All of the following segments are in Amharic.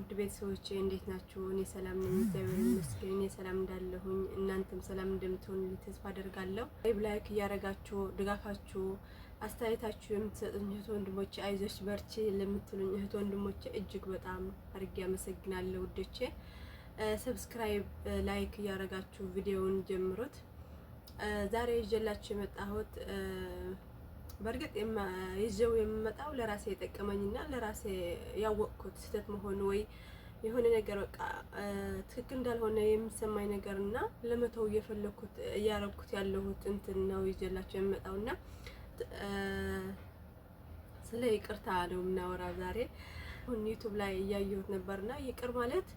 ውድ ቤተሰቦች እንዴት ናችሁ? እኔ ሰላም ነኝ፣ እግዚአብሔር ይመስገን። እኔ ሰላም እንዳለሁኝ እናንተም ሰላም እንደምትሆኑ ተስፋ አደርጋለሁ። ላይብ ላይክ እያደረጋችሁ ድጋፋችሁ፣ አስተያየታችሁ የምትሰጡኝ እህት ወንድሞቼ፣ አይዞች በርቺ ለምትሉኝ እህት ወንድሞቼ እጅግ በጣም አድርጌ አመሰግናለሁ። ውዶቼ ሰብስክራይብ፣ ላይክ እያደረጋችሁ ቪዲዮውን ጀምሩት። ዛሬ ይዤላችሁ የመጣሁት በእርግጥ ይዤው የምመጣው ለራሴ የጠቀመኝና ለራሴ ያወቅኩት ስህተት መሆን ወይ የሆነ ነገር በቃ ትክክል እንዳልሆነ የሚሰማኝ ነገር እና ለመተው እየፈለኩት እያረኩት ያለሁት እንትን ነው ይዤላቸው የምመጣው እና ስለ ይቅርታ ነው የምናወራው ዛሬ። አሁን ዩቱብ ላይ እያየሁት ነበርና ይቅር ማለት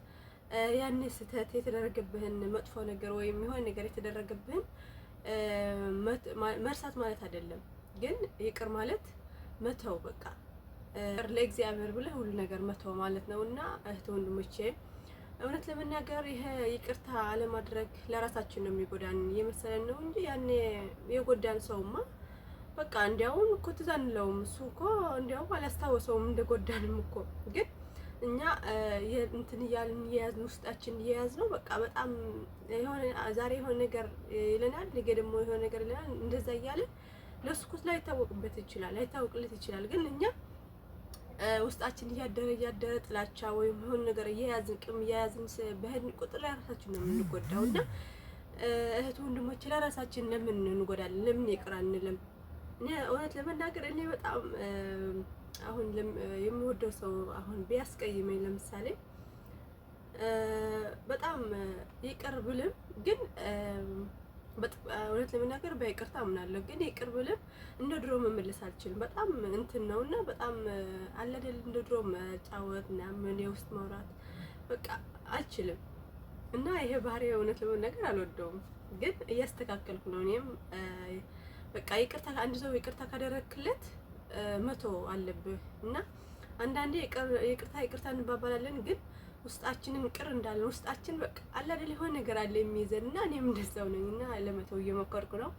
ያን ስህተት የተደረገብህን መጥፎ ነገር ወይም የሆነ ነገር የተደረገብህን መርሳት ማለት አይደለም። ግን ይቅር ማለት መተው በቃ ለእግዚአብሔር ብለህ ሁሉ ነገር መተው ማለት ነው እና እህት ወንድሞቼ እውነት ለመናገር ይሄ ይቅርታ አለማድረግ ለራሳችን ነው የሚጎዳን የመሰለን ነው እንጂ ያኔ የጎዳን ሰውማ በቃ እንዲያውም እኮ ትዝ አንለውም። እሱ እኮ እንዲያውም አላስታወሰውም እንደጎዳንም እኮ። ግን እኛ እንትን እያልን እየያዝን ውስጣችን እየያዝ ነው በቃ በጣም የሆነ ዛሬ የሆነ ነገር ይለናል፣ ነገ ደግሞ የሆነ ነገር ይለናል። እንደዛ እያለን ለስኩት ላይታወቅበት ይችላል ላይታወቅለት ይችላል። ግን እኛ ውስጣችን እያደረ እያደረ ጥላቻ ወይም የሆነ ነገር እየያዝን ቅም እየያዝን በህን ቁጥር ለራሳችን ነው የምንጎዳው እና እህት ወንድሞቼ ለራሳችን ለምን እንጎዳለን? ለምን ይቅር አንልም? እውነት ለመናገር እኔ በጣም አሁን የምወደው ሰው አሁን ቢያስቀይመኝ ለምሳሌ በጣም ይቅር ብልም ግን እውነት ለመናገር በይቅርታ አምናለሁ፣ ግን ይቅር ብልም እንደ ድሮ መመለስ አልችልም። በጣም እንትን ነው እና በጣም አለደል እንደ ድሮ መጫወት ምናምን የውስጥ ማውራት በቃ አልችልም እና ይሄ ባህሪ እውነት ለመናገር አልወደውም፣ ግን እያስተካከልኩ ነው። እኔም በቃ ይቅርታ አንድ ሰው ይቅርታ ካደረክለት መቶ አለብህ እና አንዳንዴ ይቅርታ ይቅርታ እንባባላለን ግን ውስጣችንም ቅር እንዳለ ውስጣችን በቃ አለ አይደል የሆነ ነገር አለ የሚይዘን እና እኔም እንደዛው ነኝ እና ለመተው እየሞከርኩ ነው።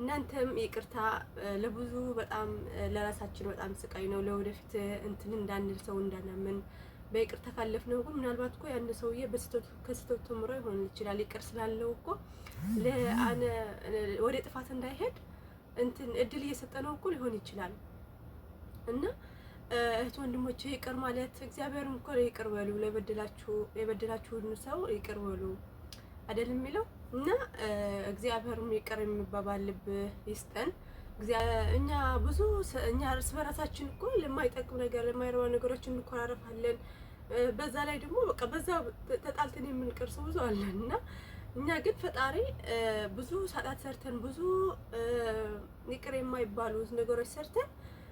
እናንተም ይቅርታ ለብዙ በጣም ለራሳችን በጣም ስቃይ ነው። ለወደፊት እንትን እንዳንል ሰው እንዳናምን በይቅርታ ካለፍነው ግን ምናልባት እኮ ያን ሰውዬ በስተቱ ከስተቱ ተምሮ ይሆን ይችላል ይቅር ስላለው እኮ ለአነ ወደ ጥፋት እንዳይሄድ እንትን እድል እየሰጠነው እኮ ሊሆን ይችላል እና እህት ወንድሞቼ ይቅር ማለት እግዚአብሔርም እኮ ይቅር በሉ የበደላችሁን ሰው ይቅር በሉ አይደል የሚለው እና እግዚአብሔርም ይቅር የሚባባል ልብ ይስጠን። እኛ ብዙ እኛ እርስ በራሳችን እኮ ለማይጠቅም ነገር ለማይረባ ነገሮች እንኮራረፋለን። በዛ ላይ ደግሞ በቃ በዛ ተጣልተን የምንቀር ሰው ብዙ አለን እና እኛ ግን ፈጣሪ ብዙ ሳጣት ሰርተን ብዙ ይቅር የማይባሉ ነገሮች ሰርተን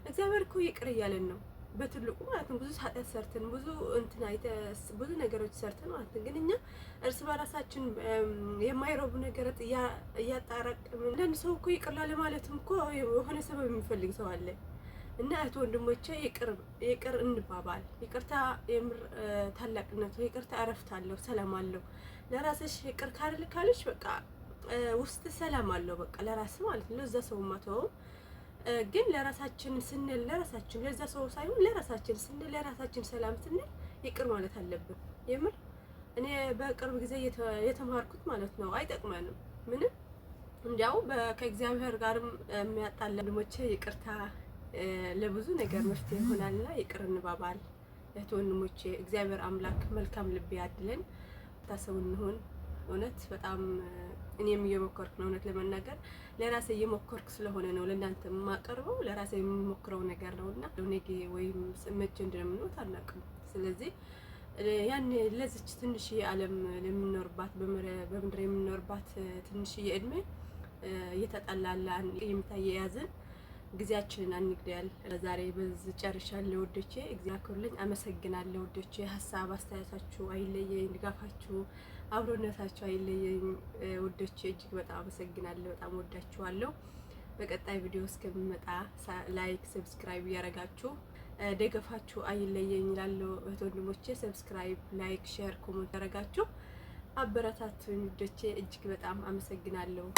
እግዚአብሔር እኮ ይቅር እያለን ነው በትልቁ ማለት ነው። ብዙ ኃጢአት ሰርተን ብዙ እንትን አይተ ብዙ ነገሮች ሰርተን ማለት ነው። ግን እኛ እርስ በራሳችን የማይረቡ ነገር እያጣራቅምን አንዳንድ ሰው እኮ ይቅር ላለ ማለትም እኮ የሆነ ሰበብ የሚፈልግ ሰው አለ። እና እህት ወንድሞቼ ይቅር እንባባል። ይቅርታ የምር ታላቅነቱ ይቅርታ እረፍት አለው፣ ሰላም አለው። ለራስሽ ይቅር ካልልካለች በቃ ውስጥ ሰላም አለው። በቃ ለራስ ማለት ነው። እዛ ሰው ማተው ግን ለራሳችን ስንል ለራሳችን ለዛ ሰው ሳይሆን ለራሳችን ስንል ለራሳችን ሰላም ስንል ይቅር ማለት አለብን። የምር እኔ በቅርብ ጊዜ የተማርኩት ማለት ነው አይጠቅመንም ምንም እንዲያው ከእግዚአብሔር ጋርም የሚያጣለ ወንድሞቼ ይቅርታ ለብዙ ነገር መፍትሄ ይሆናልና ይቅር እንባባል እህት ወንድሞቼ። እግዚአብሔር አምላክ መልካም ልብ ያድለን። ታሰው እንሆን እውነት በጣም እኔም እየሞከርኩ ነው። እውነት ለመናገር ለራሴ እየሞከርኩ ስለሆነ ነው ለእናንተ የማቀርበው። ለራሴ የምሞክረው ነገር ነው እና ኔጌ ወይም መቼ እንደምንወት አናውቅም። ስለዚህ ያን ለዚች ትንሽ ዓለም ለምንኖርባት በምድር የምንኖርባት ትንሽ ዕድሜ እየተጠላላን የምታየ ያዝን ጊዜያችንን አንግደያል። ለዛሬ በዝ ጨርሻለሁ ውዶቼ፣ እግዚአብሔር አመሰግናለሁ ውዶቼ። ሀሳብ አስተያየታችሁ አይለየኝ፣ ድጋፋችሁ አብሮነታችሁ አይለየኝ ውዶቼ። እጅግ በጣም አመሰግናለሁ። በጣም ወዳችኋለሁ። በቀጣይ ቪዲዮ እስከምመጣ ላይክ፣ ሰብስክራይብ እያደረጋችሁ ደገፋችሁ አይለየኝ እላለሁ። እህት ወንድሞቼ፣ ሰብስክራይብ፣ ላይክ፣ ሼር፣ ኮሜንት ያረጋችሁ አበረታቱኝ ውዶቼ። እጅግ በጣም አመሰግናለሁ።